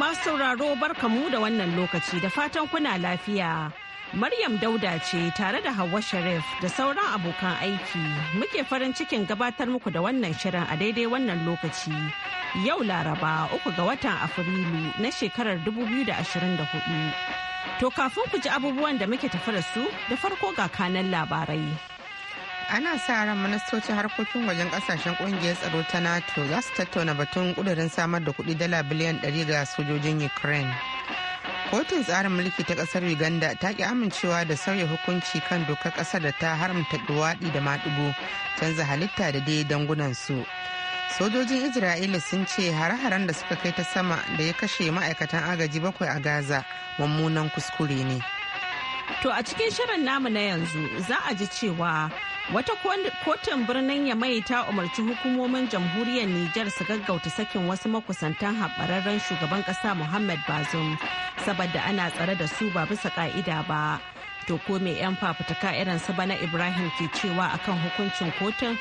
masu sauraro barkamu da wannan lokaci da fatan kuna lafiya. Maryam Dauda ce tare da Hauwa Sharif da sauran abokan aiki muke farin cikin gabatar muku da wannan shirin a daidai wannan lokaci. Yau Laraba uku ga watan Afrilu na shekarar 2024. To kafin ku ji abubuwan da muke tafi da su da farko ga kanan labarai. ana sa ran ministocin harkokin wajen kasashen kungiyar tsaro ta nato za su tattauna batun kudurin samar da kudi dala biliyan 100 ga sojojin ukraine kotun tsarin mulki ta kasar uganda ta ki amincewa da sauya hukunci kan dokar kasar da ta haramta duwadi da maɗigo canza halitta da dai dangunan su sojojin isra'ila sun ce hare-haren da suka kai ta sama da ya kashe ma'aikatan agaji bakwai a gaza mummunan kuskure ne to a cikin shirin namu na yanzu za a ji cewa Wata kotun birnin Yamai ta umarci hukumomin jamhuriyar Nijar su gaggauta sakin wasu makusantan haɓararren shugaban ƙasa Muhammad Bazoum saboda ana tsare da su ba bisa ka'ida ba. To ko me 'yan fafutuka irin su bana Ibrahim ke cewa akan hukuncin kotun?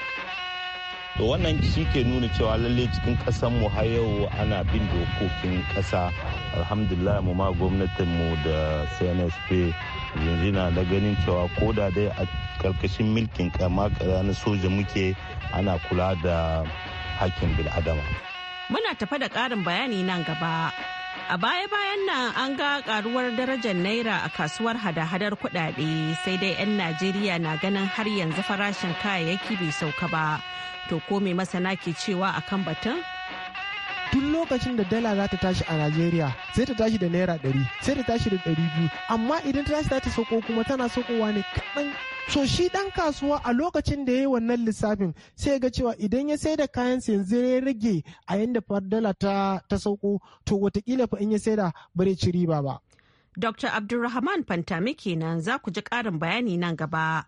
To wannan shi ke nuna cewa lalle cikin ƙasar mu har yau ana bin dokokin ƙasa. Alhamdulillah mu ma gwamnatin mu da CNSP yanzu na da ganin cewa ko da dai a karkashin milkin kama na soja muke ana kula da hakkin bil'adama. Muna tafa da ƙarin bayani nan gaba. A baya-bayan nan an ga karuwar darajar Naira a kasuwar hada-hadar kudade sai dai 'yan Najeriya na ganin har yanzu farashin kayayyaki bai sauka ba. To ko me masana ke cewa akan batun? duk lokacin da dala za ta tashi a Najeriya sai ta tashi da naira ɗari sai ta tashi da ɗari biyu amma idan ta tashi za ta sauko kuma tana saukowa ne kaɗan so shi ɗan kasuwa a lokacin da ya yi wannan lissafin sai ga cewa idan ya sai da kayan yanzu ya rage a yadda dala ta, ta sauko to watakila fa in ya sai da bare ci riba ba. Dr. Abdulrahman Fantami kenan za ku ji ƙarin bayani nan gaba.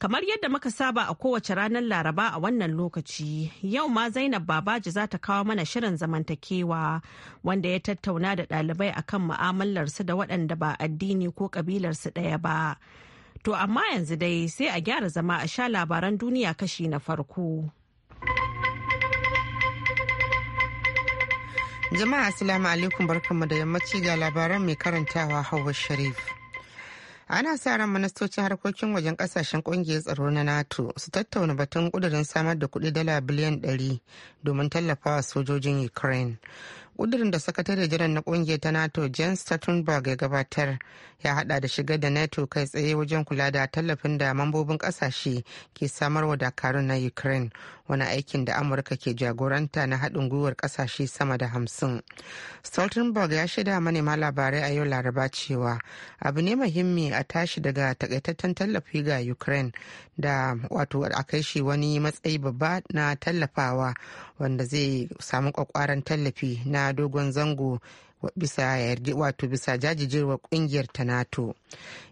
Kamar yadda muka saba a kowace ranar Laraba a wannan lokaci, yau ma Zainab Babaji za ta kawo mana shirin zamantakewa wanda ya tattauna da ɗalibai akan mu'amalarsu da waɗanda ba addini ko ƙabilarsu ɗaya ba. To amma yanzu dai sai a gyara zama a sha labaran duniya kashi na farko. Jama'a Assalamu alaikum barkanmu da yammaci ga labaran mai karantawa hawa Sharif. ana sa ran ministocin harkokin wajen kasashen kungiyar tsaro na nato su tattauna batun kudirin samar da kudi dala biliyan 100 domin tallafawa sojojin ukraine ƙudurin da sakatare jiran na ƙungiyar ta nato jens stoltenberg ya gabatar ya hada da shigar da nato kai tsaye wajen kula da tallafin da mambobin ƙasashe ke samarwa dakarun na ukraine wani aikin da amurka ke jagoranta na haɗin gwiwar ƙasashe sama da hamsin stoltenberg ya shaida manema labarai a yau laraba cewa abu ne muhimmi a tashi daga takaitaccen tallafi ga ukraine da wato a kai shi wani matsayi babba na tallafawa wanda zai samu kwakwaran tallafi na na dogon zango bisa wato bisa jajijewar kungiyar ta nato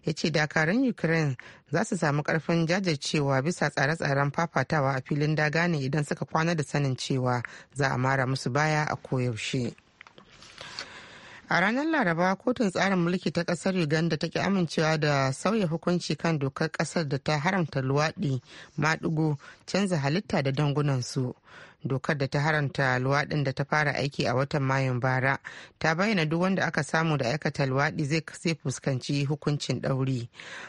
ya ce dakarun ukraine za su samu karfin jajircewa bisa tsare-tsaren fafatawa a filin daga ne idan suka kwana da sanin cewa za a mara musu baya a koyaushe a ranar laraba kotun tsarin mulki ta kasar uganda ta ki amincewa da sauya hukunci kan dokar kasar da ta haramta luwaɗi maɗigo canza halitta da dangunansu su dokar da ta haramta luwaɗin da ta fara aiki a watan mayun bara ta bayyana duk wanda aka samu da aikata luwaɗi zai kasai fuskanci hukuncin ɗauri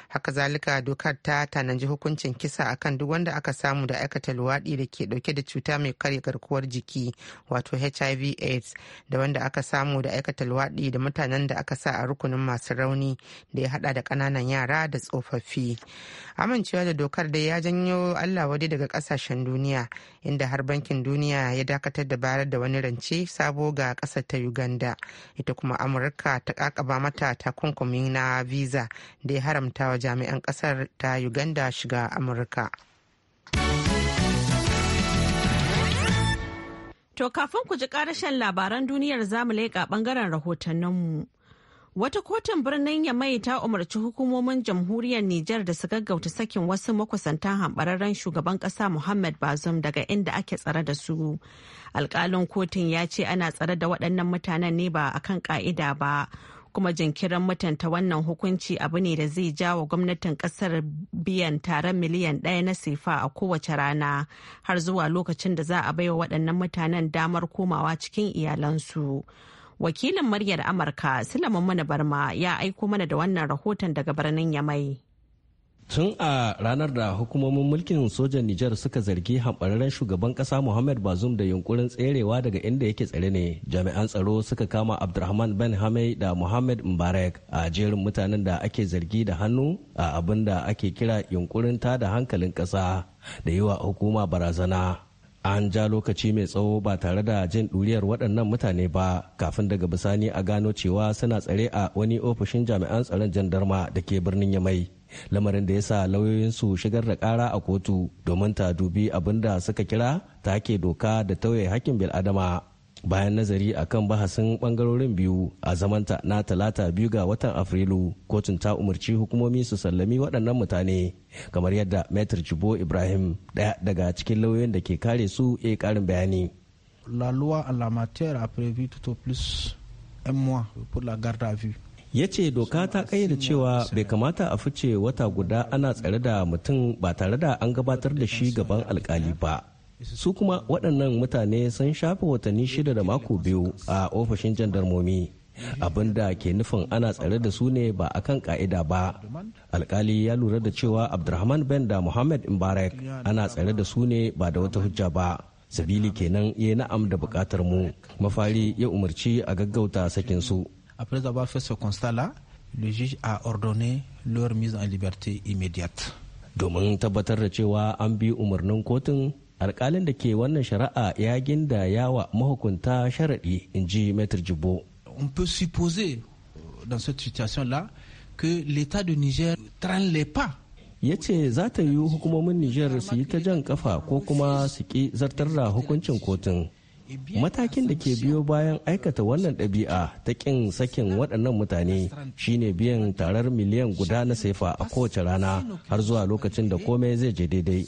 haka zalika dokar ta tanaji hukuncin kisa akan duk wanda aka samu da aikata luwaɗi da ke ɗauke da cuta mai karya garkuwar jiki wato hiv aids da wanda aka samu da aikata luwaɗi da mutanen da aka sa a rukunin masu rauni da ya haɗa da ƙananan yara da tsofaffi amincewa da dokar dai ya janyo allah wadai daga ƙasashen duniya inda har bankin bankin duniya ya dakatar da bayar da wani rance sabo ga kasar ta uganda ita kuma amurka ta kakaba mata takunkumi na visa da ya haramta wa jami'an ƙasar ta uganda shiga amurka To kafin ku ji karashen labaran duniyar zamu leƙa ɓangaren rahotanninmu. Wata kotun birnin Yamai ta umarci hukumomin jamhuriyar Nijar da su gaggauta sakin wasu makusantan hambararren shugaban kasa Muhammad bazum daga inda ake tsare da su. Alkalin kotun ya ce ana tsare da waɗannan mutanen ne ba akan ƙa'ida ba. Kuma jinkirin mutunta wannan hukunci abu ne da zai jawo gwamnatin ƙasar biyan taron miliyan ɗaya na sifa a kowace rana har zuwa lokacin da za a baiwa waɗannan mutanen damar komawa cikin iyalansu. Wakilin muryar Amurka Sulaiman Mana Barma ya aiko mana da wannan rahoton daga birnin Yamai. tun a ranar da hukumomin mulkin sojan Nijar suka zargi hambararren shugaban kasa Muhammad Bazoum da yunkurin tserewa daga inda yake tsare ne jami'an tsaro suka kama Abdulrahman Ben Hamay da Muhammad Mbarek a jerin mutanen da ake zargi da hannu a abin da ake kira yunkurin da hankalin kasa da yi hukuma barazana an ja lokaci mai tsawo ba tare da jin ɗuriyar waɗannan mutane ba kafin daga bisani a gano cewa suna tsare a wani ofishin jami'an tsaron jandarma da ke birnin yamai lamarin da ya sa lauyoyinsu shigar da ƙara a kotu domin ta dubi abin da suka kira take doka da tauye hakkin bil'adama bayan nazari a kan bahasin bangarorin biyu a zamanta na talata biyu ga watan afrilu kotun ta umarci hukumomi su sallami waɗannan mutane kamar yadda metr jibo ibrahim ɗaya daga cikin lauyoyin da ke kare su ya karin bayani ya ce doka ta ƙayyade cewa bai kamata a fice wata guda ana tsare da mutum ba tare da an gabatar da shi gaban alkali ba su kuma waɗannan mutane sun shafe watanni shida da mako biyu a ofishin jandarmomi abin da ke nufin ana tsare da su ne ba akan ka'ida ba alkali ya lura da cewa abdulrahman ben da muhammad mbarek ana tsare da su ne ba da wata hujja ba sabili kenan ya na'am da bukatar mu mafari ya umarci a gaggauta sakin su a leur Domin tabbatar da cewa an bi umarnin kotun alkalin da ke wannan shari'a ya ginda yawa mahukunta sharaɗi in ji metr Jibo. On peut supposer dans cette situation-là que l'État de Niger traîne les pas ya ce za ta yi hukumomin niger su yi ta jan kafa ko kuma su ki zartar da hukuncin kotun matakin da ke biyo bayan aikata wannan ɗabi'a ta ƙin sakin waɗannan mutane shine biyan tarar miliyan guda na sefa a kowace rana har zuwa lokacin da komai zai je daidai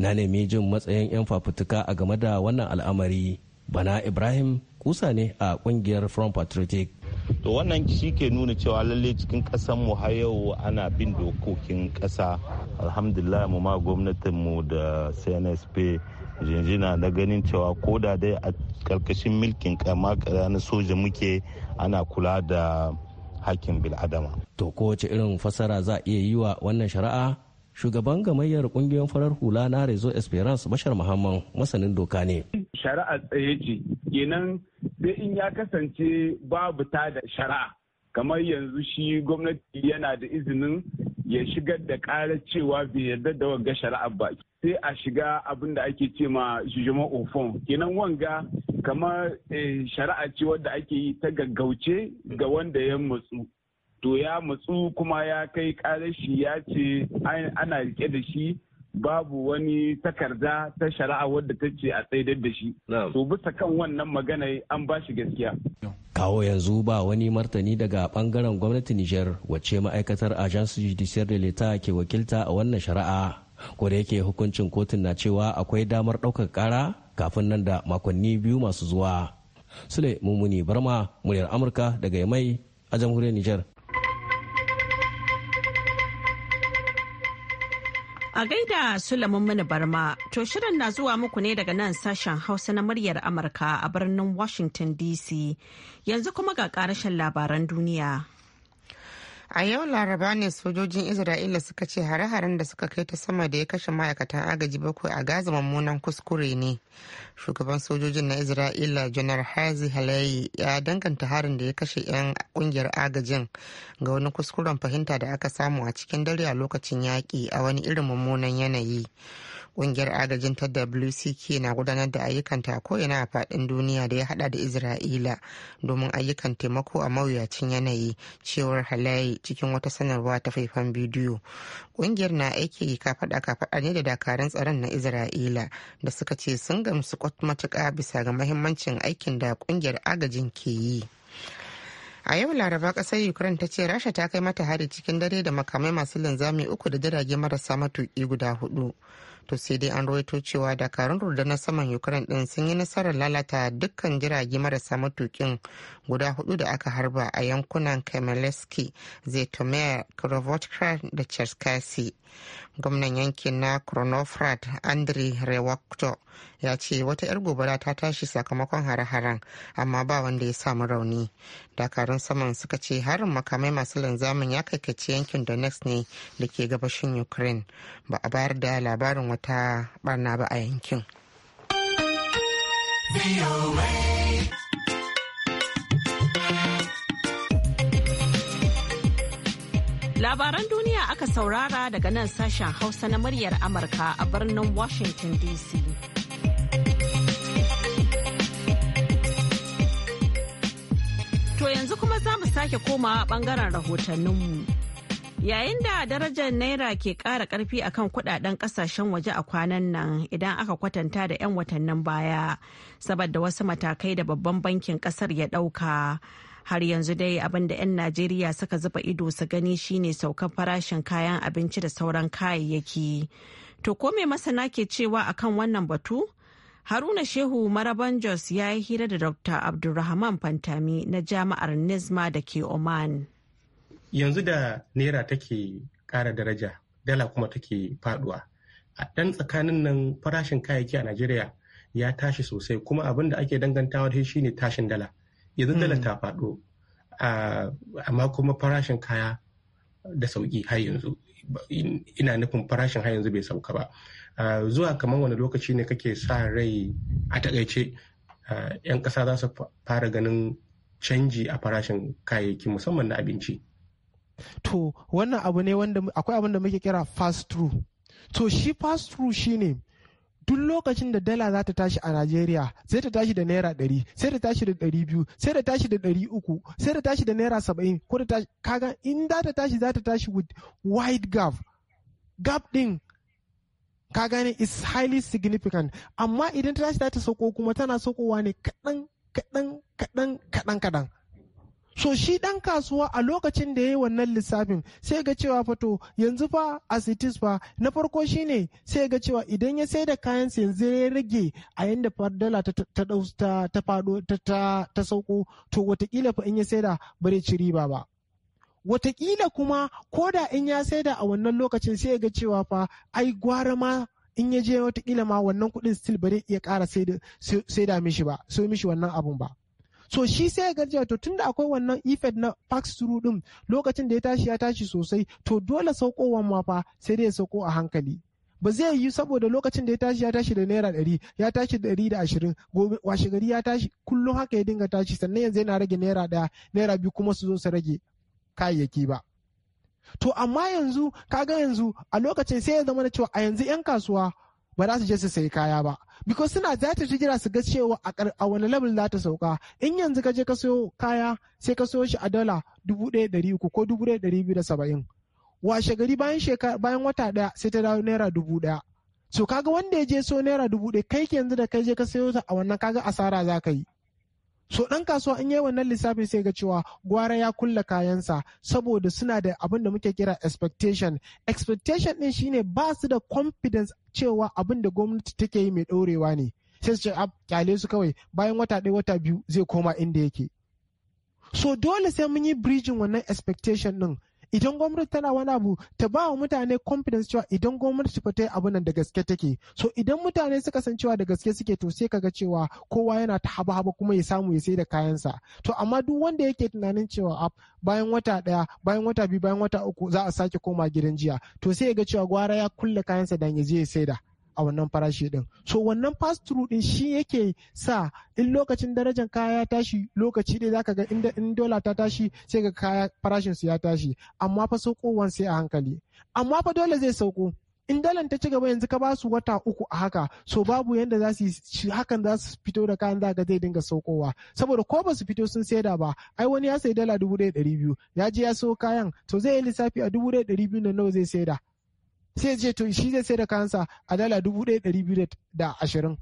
Na nemi jin matsayin 'yan fafutuka a game da wannan al'amari. Bana Ibrahim kusa ne a kungiyar Front Patriotic to wannan shi ke nuna cewa lalle cikin ƙasar mu har yau ana bin dokokin ƙasa alhamdulillah mu ma gwamnatin mu da cnsp jinjina na ganin cewa ko da dai a karkashin milkin kama na soja muke ana kula da hakkin bil'adama to kowace irin fasara za a iya yi wa wannan shari'a shugaban gamayyar kungiyoyin farar hula na rezo esperance bashar muhammad masanin doka ne shari'a tsaye ce kenan sai in ya kasance babu ta da shari'a kamar yanzu shi gwamnati yana da izinin ya shigar da kara cewa bai yarda da wanga shari'a ba sai a shiga abin da ake ce ma jujuma ofon kenan wanga kamar eh, shari'a ce wadda ake yi ta gaggauce ga wanda ya matsu to ya matsu kuma ya kai karashi ya ce ana rike da shi babu wani takarda ta shari'a wadda ta ce a tsaidar da shi to bisa kan wannan magana an ba shi gaskiya kawo yanzu ba wani martani daga bangaren gwamnati niger wacce ma'aikatar agence judiciaire de l'etat ke wakilta a wannan shari'a ko da yake hukuncin kotun na cewa akwai damar ɗaukar kara kafin nan da makonni biyu masu zuwa sule mummuni barma muryar amurka daga mai a jamhuriyar niger A gaida Sulaiman Mini Barma, to shirin na zuwa muku ne daga nan sashen Hausa na muryar Amurka a birnin Washington DC. Yanzu kuma ga karashen labaran duniya. a yau laraba ne sojojin isra'ila suka ce hare-haren da suka kai ta sama da ya kashe ma'aikatan agaji bakwai a gaza mummunan kuskure ne shugaban sojojin na isra'ila janar hazi halayi ya danganta harin da ya kashe 'yan kungiyar agajin ga wani kuskuren fahimta da aka samu a cikin dare a lokacin yaƙi a wani irin mummunan yanayi Ƙungiyar agajin ta WCK na gudanar da ayyukanta ko'ina a fadin duniya da ya hada da Isra'ila domin ayyukan taimako a mawuyacin yanayi cewar halaye cikin wata sanarwa ta faifan bidiyo. Ƙungiyar na aiki kafaɗa-kafaɗa ne da dakarun tsaron na Isra'ila da suka ce sun gamsu matuka bisa ga mahimmancin aikin da ƙungiyar agajin ke yi. a yau laraba kasar ukraine ta ce rasha ta kai mata hari cikin dare da makamai masu linzami uku da jirage marasa matuki guda hudu to sai dai an rawaito cewa dakarun rundunar saman ukraine din sun yi nasarar lalata dukkan jirage marasa matukin guda hudu da aka harba a yankunan kamaleski zetomir krovotkrad da cherskasi gwamnan yankin na kronofrad andriy rewakto ya ce wata 'yar gobara ta tashi sakamakon hare-haren amma ba wanda ya samu rauni dakarun saman suka ce harin makamai masu linzamin ya kaikaci yankin donetsk ne da ke gabashin ukraine ba a bayar da labarin wata barna ba a yankin Labaran duniya aka saurara daga nan sashen Hausa na muryar Amurka a birnin Washington DC. To yanzu kuma za mu sake komawa bangaren rahotanninmu. Yayin da darajar Naira ke ƙara ƙarfi akan kudaden ƙasashen waje a kwanan nan idan aka kwatanta da 'yan watannin baya, saboda wasu matakai da babban bankin ƙasar ya ɗauka. Har yanzu dai abin da 'yan Najeriya suka zuba ido su gani shine saukar farashin kayan abinci da sauran kayayyaki. To ko me masana ke cewa akan wannan batu? Haruna Shehu Maraban Jos ya yi hira da Dr. Abdulrahman Fantami na jama'ar Nizma da ke Oman. Yanzu da Naira take ƙara daraja, dala kuma take faduwa. A ɗan tsakanin nan farashin kayayyaki a Najeriya ya tashi sosai kuma abin da ake dangantawa da shi ne tashin dala. Yanzu dala hmm. ta faɗo, amma kuma farashin kaya da sauƙi har yanzu. Ina nufin farashin har yanzu bai sauka ba. zuwa kamar wani lokaci ne kake sa rai a takaice 'yan ƙasa za su fara ganin canji a farashin kayayyaki musamman na abinci. To wannan abu ne wanda akwai abin da muke kira fast through. To shi fast through shine duk lokacin da dala za ta tashi a Najeriya sai ta tashi da naira ɗari sai ta tashi da ɗari biyu sai ta tashi da ɗari uku sai ta tashi da naira saba'in ko ta tashi kaga in za ta tashi za ta tashi with wide gap gap ɗin ka gane is highly significant amma idan ta tashi ta sauko kuma tana saukowa ne kaɗan kaɗan kaɗan kaɗan kaɗan so shi ɗan kasuwa a lokacin da ya yi wannan lissafin sai ga cewa fato yanzu fa a cities fa na farko shine sai ga cewa idan ya sai da kayan sa yanzu ya rage a yanda dala ta ta fado ta ta sauko to watakila fa in ya sai da bare ci riba ba watakila kuma ko da in ya saida a wannan lokacin sai ya ga cewa fa ai gwara ma in ya je watakila ma wannan kuɗin still ba zai iya ƙara saida mishi ba sai mishi wannan abun ba so shi sai ya gajiya to tunda akwai wannan effect na pass through din lokacin da ya tashi ya tashi sosai to dole saukowan ma fa sai dai ya sauko a hankali ba zai yi saboda lokacin da ya tashi ya tashi da naira ɗari ya tashi da ɗari da ashirin gobe washe gari ya tashi kullum haka ya dinga tashi sannan yanzu yana rage naira ɗaya naira biyu kuma su zo su rage kayayyaki ba to amma yanzu kaga yanzu a lokacin sai ya zama da cewa a yanzu 'yan kasuwa ba za su je su sayi kaya ba because suna za ta jira su ga cewa a wani level za ta sauka in yanzu ka je ka sayo kaya sai ka sayo shi a dala dubu ɗaya ɗari uku ko dubu ɗaya ɗari biyu da saba'in washe gari bayan wata ɗaya sai ta dawo naira dubu ɗaya so kaga wanda ya je so naira dubu ɗaya kai yanzu da kai je ka sayo ta a wannan kaga asara za ka yi so ɗan kasuwa in yi wannan lissafin sai ga cewa gwara ya kulla kayansa saboda suna da abin da muke kira expectation expectation ɗin shine ba su da confidence cewa abin da gwamnati take yi mai ɗorewa ne sai su ce a kyale su kawai bayan wata ɗaya wata biyu zai koma inda yake so dole sai mun yi bridging wannan expectation ɗin idan gwamnati tana wani abu ta ba wa mutane confidence cewa idan gwamnati fa ta yi abu nan da gaske take so idan mutane suka san cewa da gaske suke to sai kaga cewa kowa yana ta haba haba kuma ya samu ya sai da kayansa to amma duk wanda yake tunanin cewa bayan wata daya bayan wata biyu bayan wata uku za a sake koma gidan jiya to sai ya ga cewa gwara ya kulle kayansa dan ya je ya saida a wannan farashi din so wannan pass through din shi yake sa in lokacin darajar kaya ya tashi lokaci dai zaka ga inda in dola ta tashi sai ga kaya farashin su ya tashi amma fa saukowan sai a hankali amma fa dole zai sauko in dalan ta ci gaba yanzu ka basu wata uku a haka so babu yanda za su hakan za su fito da kayan zaka zai dinga saukowa saboda ko ba su fito sun saida ba ai wani ya sayi dala dubu ɗaya ɗari biyu ya je ya sayo kayan to zai yi lissafi a dubu ɗaya ɗari biyu na nawa zai saida sai ce to shi zai sai da kansa a dala dubu ɗaya ɗari biyu da ashirin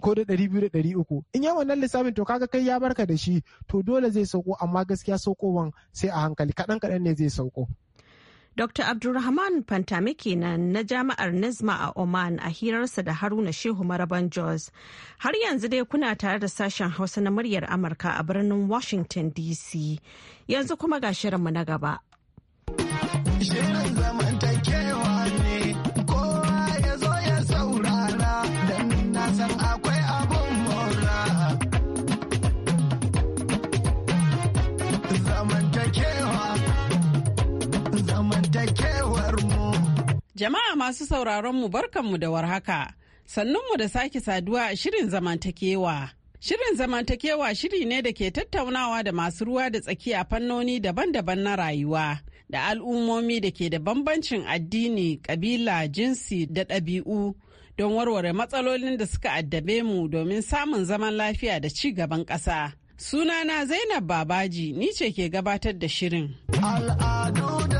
ko da ɗari biyu da ɗari uku in yi wannan lissafin to kaga kai ya barka da shi to dole zai sauko amma gaskiya saukowan sai a hankali kaɗan kaɗan ne zai sauko. Dr. Abdulrahman Pantami kenan na Jami'ar Nizma a Oman a hirarsa da Haruna Shehu Maraban Jos. Har yanzu dai kuna tare da sashen Hausa na muryar Amurka a birnin Washington DC. Yanzu kuma ga shirinmu na gaba. Jama'a masu sauraron sauraronmu barkanmu da warhaka. Sannunmu da sake saduwa a shirin zamantakewa. Shirin zamantakewa shiri ne da ke tattaunawa da masu ruwa da tsaki a fannoni daban-daban na rayuwa. Da al'ummomi da ke da bambancin addini, ƙabila, jinsi da ɗabi'u don warware matsalolin da suka addabe mu domin samun zaman lafiya da ci gaban ƙasa. Sunana Zainab Babaji, ni ce ke gabatar da shirin. Al'adu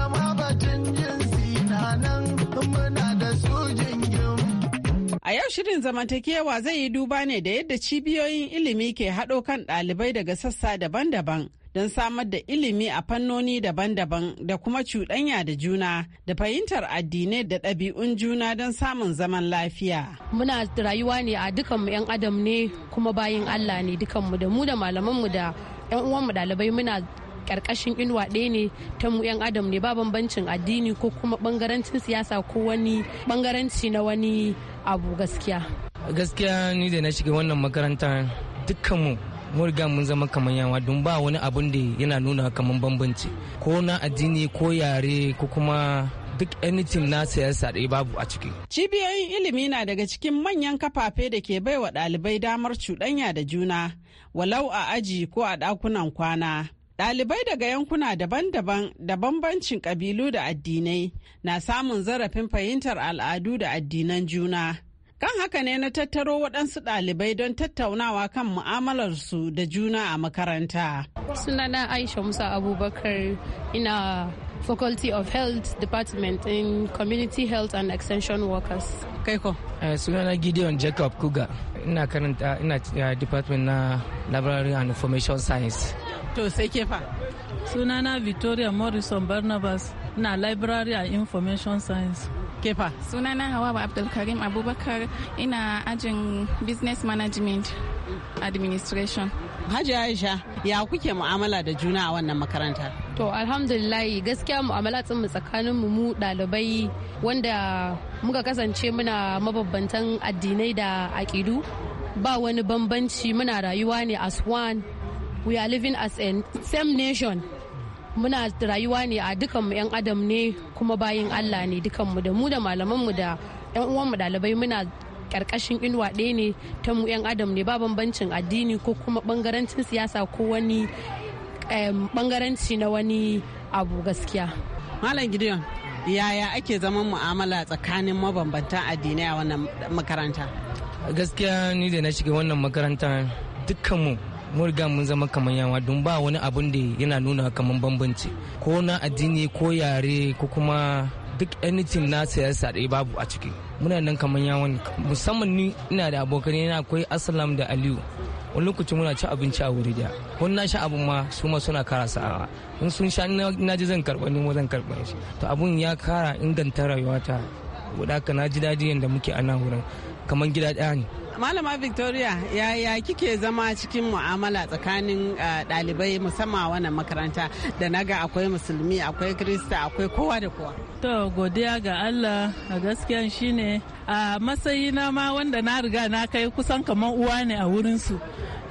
A yau shirin zamantakewa zai yi duba ne da yadda cibiyoyin ilimi ke haɗo kan ɗalibai daga sassa daban-daban don samar da ilimi a fannoni daban-daban da kuma cuɗanya da juna da fahimtar addinai da ɗabi'un juna don samun zaman lafiya. Muna rayuwa ne a dukanmu 'yan adam ne kuma bayin Allah ne dukanmu da mu da malamanmu da 'yan uwanmu ɗalibai muna karkashin inuwa ɗaya ne ta mu 'yan adam ne ba bambancin addini ko kuma bangarancin siyasa ko wani bangaranci na wani abu gaskiya gaskiya ni da na shiga wannan makaranta dukkanmu mu riga mun zama kamar yawa don ba wani abun da yana nuna kamar bambanci ko na addini ko yare ko kuma duk anything na siyasa ɗaya babu a ciki. Cibiyoyin ilimi na daga cikin manyan kafafe da ke baiwa ɗalibai damar cuɗanya da juna, walau a aji ko a ɗakunan kwana. dalibai daga yankuna daban-daban da bambancin ƙabilu da addinai na samun zarafin fahimtar al'adu da addinan juna. Kan haka ne na tattaro waɗansu ɗalibai don tattaunawa kan mu'amalarsu da juna a makaranta. Sunana Aisha Musa Abubakar ina faculty of health department in community health and extension workers kai ko eh, sunana gideon jacob kuga ina karanta ina eh, department na library and information science to sai ke sunana victoria morrison barnabas na library and information science kefa sunana Hawaba abdulkarim abubakar ina ajin business management administration hajji aisha ya kuke mu'amala da juna a wannan makaranta To alhamdulillahi gaskiya mu'amala mu tsakanin mu mu ɗalibai wanda muka kasance muna mababbantan addinai da aƙidu ba wani bambanci muna rayuwa ne as one we are living as a same nation muna rayuwa ne a dukanmu 'yan adam ne kuma bayin Allah ne dukanmu da mu da malamanmu da 'yan mu dalibai muna karkashin inuwa ɗaya ne ta mu 'yan adam ne ba bambancin addini ko kuma bangarancin siyasa ko wani bangaranci na wani abu gaskiya malam gideon yaya ake zaman mu'amala tsakanin mabambantan addinai a wannan makaranta gaskiya ni da na shiga wannan makaranta dukkanmu mu riga mun zama kamar yawa don ba wani abun da yana nuna kamar bambanci ko na addini ko yare ko kuma duk anything na siyasa ɗaya babu a ciki muna nan kamar yawon musamman ni ina da abokan yana akwai asalam da aliyu wani lokaci muna ci abinci a wuri daya wani na sha abin ma su ma suna kara sa'awa in sun sha na ji zan karɓa ni zan karɓa shi to abun ya kara inganta rayuwata wadaka na ji daɗi yadda muke a nan wurin kamar gida ɗaya ne Malama Victoria, ya ya kike zama cikin mu'amala tsakanin dalibai uh, musamman wannan makaranta da naga akwai musulmi, akwai krista, akwai kowa da kowa? To, godiya ga Allah a gaskiya shine a matsayi na ma wanda na riga na kai kusan kamar uwa ne a wurinsu.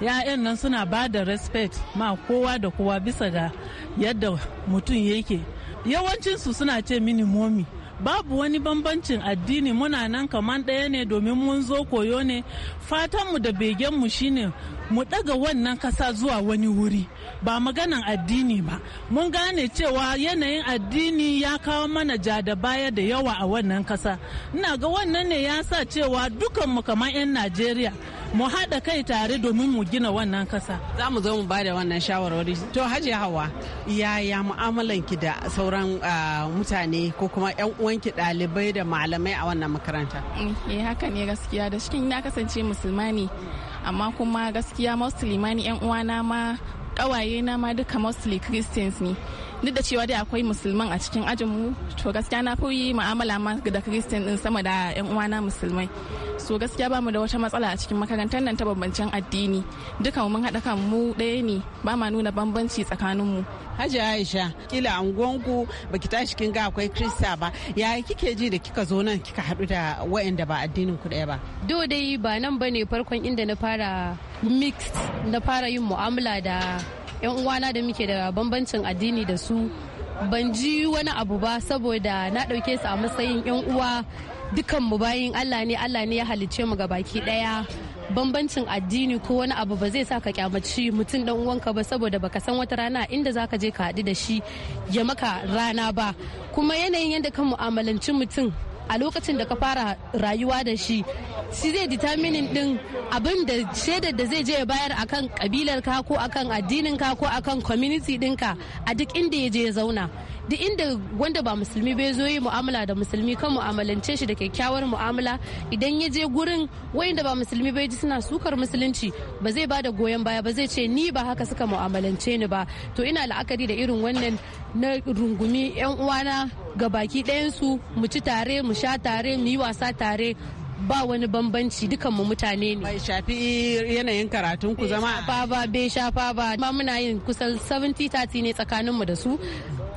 ‘Ya'yan nan suna ba da respect ma kowa da kowa bisa ga yadda mutum yake. Yawancinsu suna ce mini momi. babu wani bambancin addini muna nan kaman ɗaya ne domin mun zo koyo ne fatanmu da begenmu shine mu ɗaga wannan kasa zuwa wani wuri ba maganan addini ba mun gane cewa yanayin addini ya kawo mana ja da baya da yawa a wannan kasa ina ga wannan ne ya sa cewa dukanmu kamar 'yan najeriya mu haɗa kai tare domin mu gina wannan kasa. Za mu zo mu ba da wannan shawarwari. To Hajiya Hawa, yaya mu'amalan ki da sauran ah, mutane ko kuma 'yan uwanki ɗalibai da malamai a wannan makaranta? Eh, eh haka ne gaskiya da cikin na kasance musulma Amma kuma gaskiya Musulmani 'yan uwana ma ƙawaye na ma duka mostly Christians ne. duk da cewa dai akwai musulman a cikin ajin mu to gaskiya na fi mu'amala ma da kristin din sama da yan uwana musulmai so gaskiya bamu da wata matsala a cikin makarantar nan ta bambancin addini dukan mun haɗa kan mu ɗaya ne ba ma nuna bambanci tsakanin mu Hajji Aisha kila angonku baki tashi kin ga akwai krista ba ya kike ji da kika zo nan kika haɗu da wa'anda ba addinin ku ɗaya ba do dai ba nan bane farkon inda na fara mix na fara yin mu'amala da 'yan uwana da muke da bambancin addini da su ban ji wani abu ba saboda na ɗauke su a matsayin 'yan uwa dukan mu bayin Allah ne Allah ne ya halicce mu ga baki ɗaya bambancin addini ko wani abu ba zai sa ka kyamaci mutum dan uwanka ba saboda baka san wata rana inda zaka je ka haɗu da shi ya maka rana ba kuma yanayin yadda ka mu'amalanci mutum a lokacin da ka fara rayuwa da shi shi zai determinin din abin da shaidar da zai je ya bayar akan kabilar ka ko akan addinin ka ko akan community dinka a duk inda ya je ya zauna duk inda wanda ba musulmi bai zo yi mu'amala da musulmi kan mu'amalance shi da kyakkyawar mu'amala idan ya je gurin wayanda ba musulmi bai ji suna sukar musulunci ba zai ba da goyon baya ba zai ce ni ba haka suka mu'amalance ni ba to ina la'akari da irin wannan na rungumi yan uwana ga baki ɗayansu mu ci tare mu sha tare mu yi wasa tare ba wani bambanci dukan mu mutane ne bai shafi yanayin karatun ku zama ba ba bai shafa ba ma muna yin kusan 70 30 ne tsakanin mu da su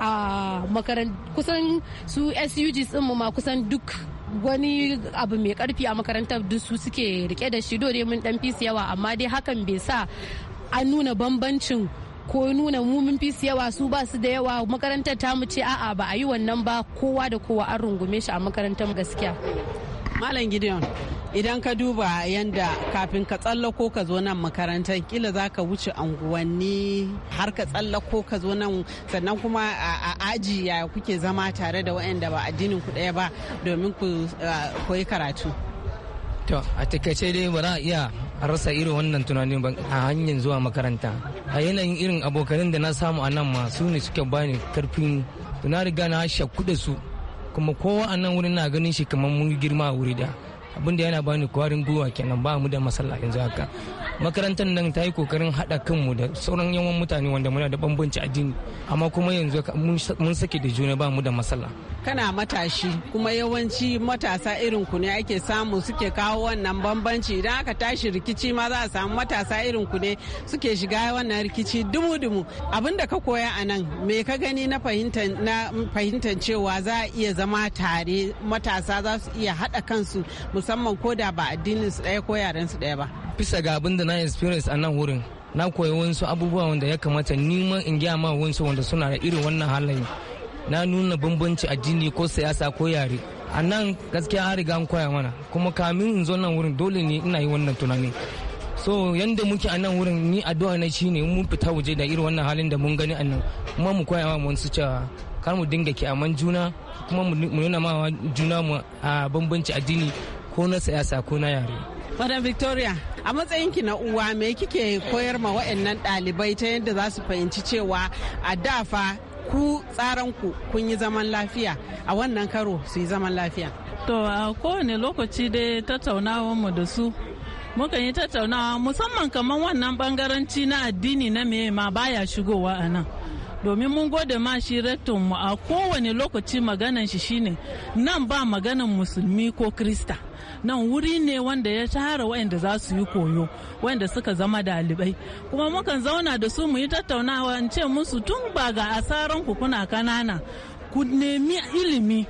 a makarantu kusan su SUGs din mu ma kusan duk wani abu mai karfi a makarantar duk su suke rike da shi dole mun dan fis yawa amma dai hakan bai sa an nuna bambancin ko nuna mumin fis yawa su ba su da yawa makarantar ta mu ce a'a ba a yi wannan ba kowa da kowa an rungume shi a makarantar gaskiya malam gideon idan ka duba yanda kafin ka tsallako ka zo nan makarantar kila za ka wuce anguwanni har ka tsallako ka zo nan sannan kuma a aji ya kuke zama tare da waɗanda ba addinin ku ɗaya ba domin ku koyi karatu to a takaice dai ba za a iya rasa irin wannan tunanin a hanyar zuwa makaranta a yanayin irin abokanin da na samu a nan ma su ne suke bani karfin na riga na shakku da su kuma kowa a nan wurin na ganin shi kamar mun girma a wuri da abin da yana bani kwarin gwiwa kenan ba mu da masala yanzu haka makarantar nan ta yi kokarin haɗa kanmu da sauran yawan mutane wanda muna da bambanci addini amma kuma yanzu mun sake da juna ba mu da masala kana matashi kuma yawanci matasa irin ku ne ake samu suke kawo wannan bambanci idan aka tashi rikici ma za a samu matasa irin ku ne suke shiga wannan rikici dumu-dumu abin da ka koya a nan me ka gani na fahimtar cewa za a iya zama tare matasa za su iya haɗa kansu musamman ko da ba addinin su ɗaya ko yaren su ɗaya ba bisa ga abin da na experience a nan wurin na koyi wasu abubuwa wanda ya kamata ni ma in gaya ma wasu wanda suna da irin wannan halaye na nuna bambanci addini ko siyasa ko yare a nan gaskiya an riga an koya mana kuma kamin in zo nan wurin dole ne ina yi wannan tunani so yanda muke a nan wurin ni addu'a na shi ne mun fita waje da irin wannan halin da mun gani a nan kuma mu koya mu su cewa kar mu dinga kyaman juna kuma mu nuna ma juna mu a bambanci addini ko na siyasa ko na yare Madam Victoria, a matsayinki na uwa me kike koyar ma waɗannan ɗalibai ta yadda za su fahimci cewa a dafa ku tsaranku kun yi zaman lafiya a wannan karo su yi zaman lafiya to a kowane lokaci dai tattaunawa mu da su muka yi tattaunawa musamman kamar wannan bangaranci na addini na me ma baya shigowa a nan domin mun gode ma shi mu a kowane lokaci maganan shi shine nan ba maganan musulmi ko krista nan wuri ne wanda ya tara wayanda za su yi koyo wayanda suka zama dalibai kuma mukan zauna da su mu yi tattaunawa in ce musu tun ba ga asaran ku kuna kanana ku nemi ilimi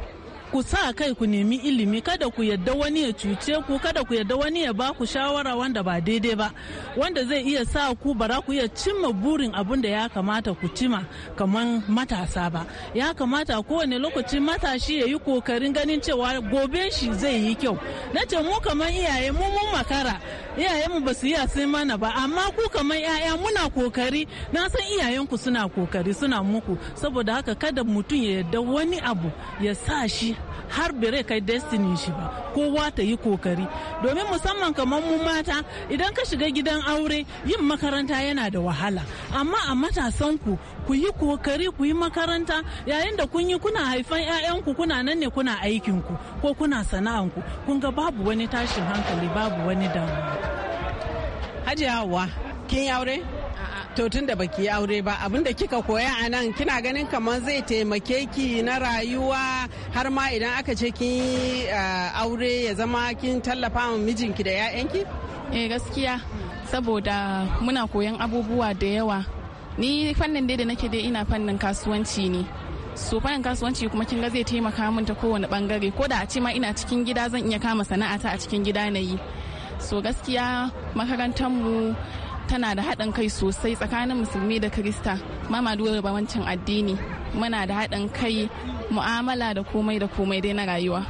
ku sa kai ku nemi ilimi kada ku yadda wani ya cuce ku kada ku yadda wani ya ba ku shawara wanda ba daidai ba wanda zai iya sa ku bara ku iya cimma burin abin da ya kamata ku cima kamar matasa ba ya kamata kowane lokaci matashi ya yi kokarin ganin cewa gobe shi zai yi kyau na ce mu kamar iyaye mu mun makara iyaye mu ba su yi sai mana ba amma ku kamar yaya muna kokari na san iyayenku suna kokari suna muku saboda haka kada mutum ya yadda wani abu ya sa shi har bere kai destiny shi ba kowa ta yi kokari domin musamman kamar mu mata idan ka shiga gidan aure yin makaranta yana da wahala amma a matasan ku ku yi kokari ku yi makaranta yayin da kun yi kuna haifan 'ya'yanku kuna nan ne kuna ku ko kuna sana'anku kun ga babu wani tashin hankali babu wani damuwa hajiya hawa kin aure to tun da baki aure ba abin da kika koya a nan kina ganin kamar zai taimake ki na rayuwa har ma idan aka ce kin eh, aure ya zama kin tallafa wa mijinki da 'ya'yanki? eh gaskiya saboda muna koyan abubuwa da yawa ni fannin dai da nake dai ina fannin kasuwanci ne so fannin kasuwanci kuma kin ga zai taimaka min ta kowane bangare ko da a ce ma ina cikin gida zan iya kama sana'ata a cikin gida na yi so gaskiya makarantar mu tana da haɗin kai sosai tsakanin musulmi da kirista ma ma wancan addini muna da haɗin kai mu'amala da komai da komai dai na rayuwa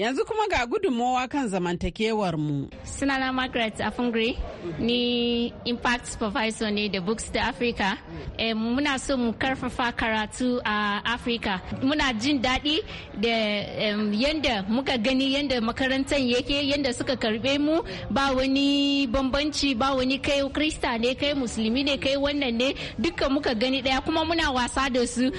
Yanzu kuma ga gudunmowa kan zamantakewar mu. Sunana Margaret Afungri ni Impact Supervisor ne da Books da Africa. E, muna so mu karfafa karatu a Africa. Muna jin daɗi da um, yanda muka gani yanda makarantar yake yanda suka karbe mu ba wani bambanci ba wani kai Krista ne kai musulmi ne kai wannan ne duka muka gani ɗaya kuma muna wasa da su.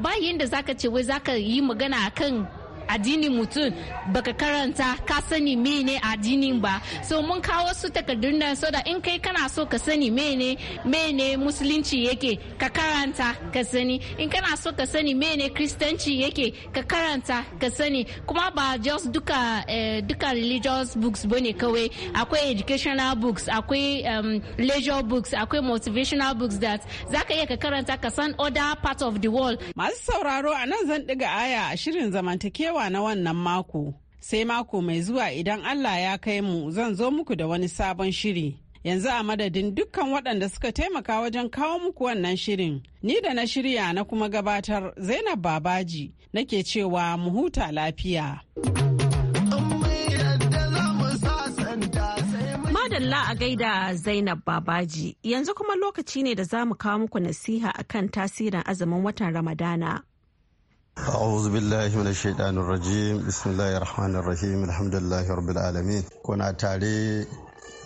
Ba yanda zaka ce wai zaka yi magana akan addinin mutum baka karanta ka sani mene addinin ba so mun kawo su takardun nan so da in kai kana so ka sani mene mene musulunci yake ka karanta ka sani in kana so ka sani mene kristanci yake ka karanta ka sani kuma ba just duka eh, duka religious books bane kawai akwai educational books akwai um, leisure books akwai motivational books that zaka iya ka karanta ka san other part of the world masu sauraro a nan zan ɗiga aya a shirin zamantakewa yawa na wannan mako. Sai mako mai zuwa idan Allah ya kai mu zan zo muku da wani sabon shiri. Yanzu a madadin dukkan waɗanda suka taimaka wajen kawo muku wannan shirin. Ni da na shirya na kuma gabatar Zainab Babaji nake cewa mu huta lafiya. Madalla a gaida Zainab Babaji, yanzu kuma lokaci ne da za mu kawo muku nasiha akan tasirin azumin watan Ramadana. أعوذ بالله من الشيطان الرجيم بسم الله الرحمن الرحيم الحمد لله رب العالمين كنا تاري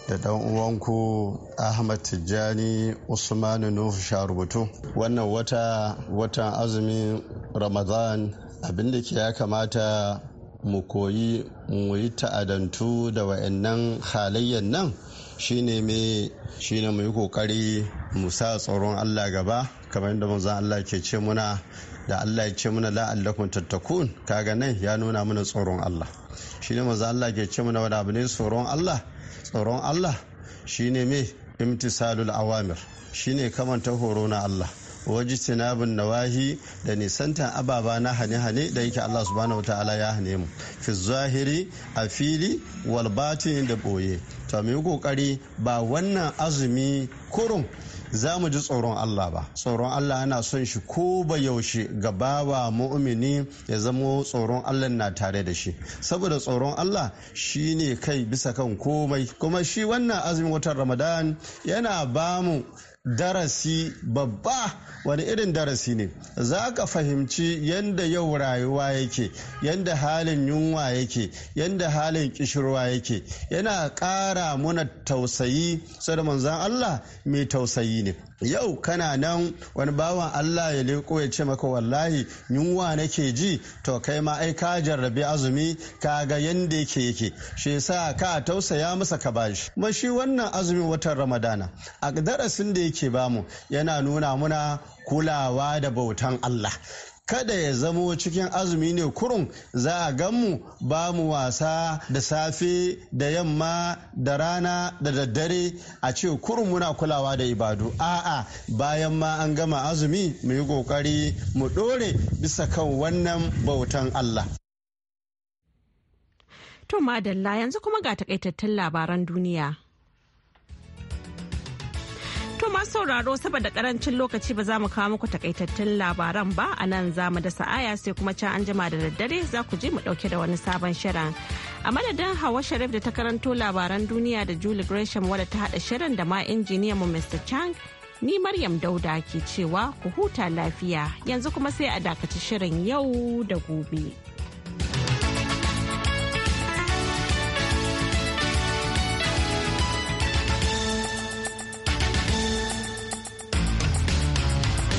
da dan uwanku ahmad tijjani usmanu nuf sharubutu wannan wata watan azumin ramadan abinda ke ya kamata mu koyi mu yi ta'adantu da wa'annan halayyar nan shine me shine mu yi kokari mu sa tsoron allah gaba kamar yadda manzon allah ke ce muna da Allah ya ce mana la'allakum tattakun kaga nan ya nuna mana tsoron Allah shi ne maza Allah ke ce mana wani abu ne tsoron Allah tsoron Allah shi shine me imtisalul awamir shine kamanta horo na Allah waji sinabin nawahi da nisantan ababa na hane-hane da yake Allah subhanahu wa ta'ala ya hane mu fi zahiri a fili walbatin da boye to mu yi kokari ba wannan azumi kurum za mu ji tsoron Allah ba tsoron Allah yana son shi ko ba yaushe ga bawa mu'mini ya zamo tsoron Allah na tare da shi saboda tsoron Allah shi ne kai bisa kan komai kuma shi wannan azumin watan Ramadan yana ba mu darasi babba wani irin darasi ne za ka fahimci yadda yau rayuwa yake yadda halin yunwa yake yadda halin kishirwa yake yana ƙara muna tausayi sai da Allah mai tausayi ne yau kana nan wani bawan Allah ya leko ya ce maka wallahi yunwa nake ji to kai ma ai ka jarrabi azumi ka ga yanda yake yake shi yasa ka tausaya masa ka bashi kuma shi wannan azumin watan Ramadana a darasin da yake bamu yana nuna muna kulawa da bautan Allah kada ya zamo cikin azumi ne kurun za a ganmu ba mu wasa da safe da yamma da rana da daddare a ce kurun muna kulawa da ibadu a'a bayan ma an gama azumi mu yi kokari mu dore bisa kan wannan bautan Allah. To madalla yanzu kuma ga takaitattun labaran duniya. To ma sauraro saboda karancin lokaci ba za mu kawo muku takaitattun labaran ba a nan za mu da sa'aya sai kuma can an jima da daddare za ku je mu dauke da wani sabon shirin. A madadin Hawa Sharif da ta karanto labaran duniya da Julie Gresham wadda ta hada shirin da ma injiniyan mu Mr. Chang ni Maryam Dauda ke cewa ku huta lafiya yanzu kuma sai a dakaci shirin yau da gobe.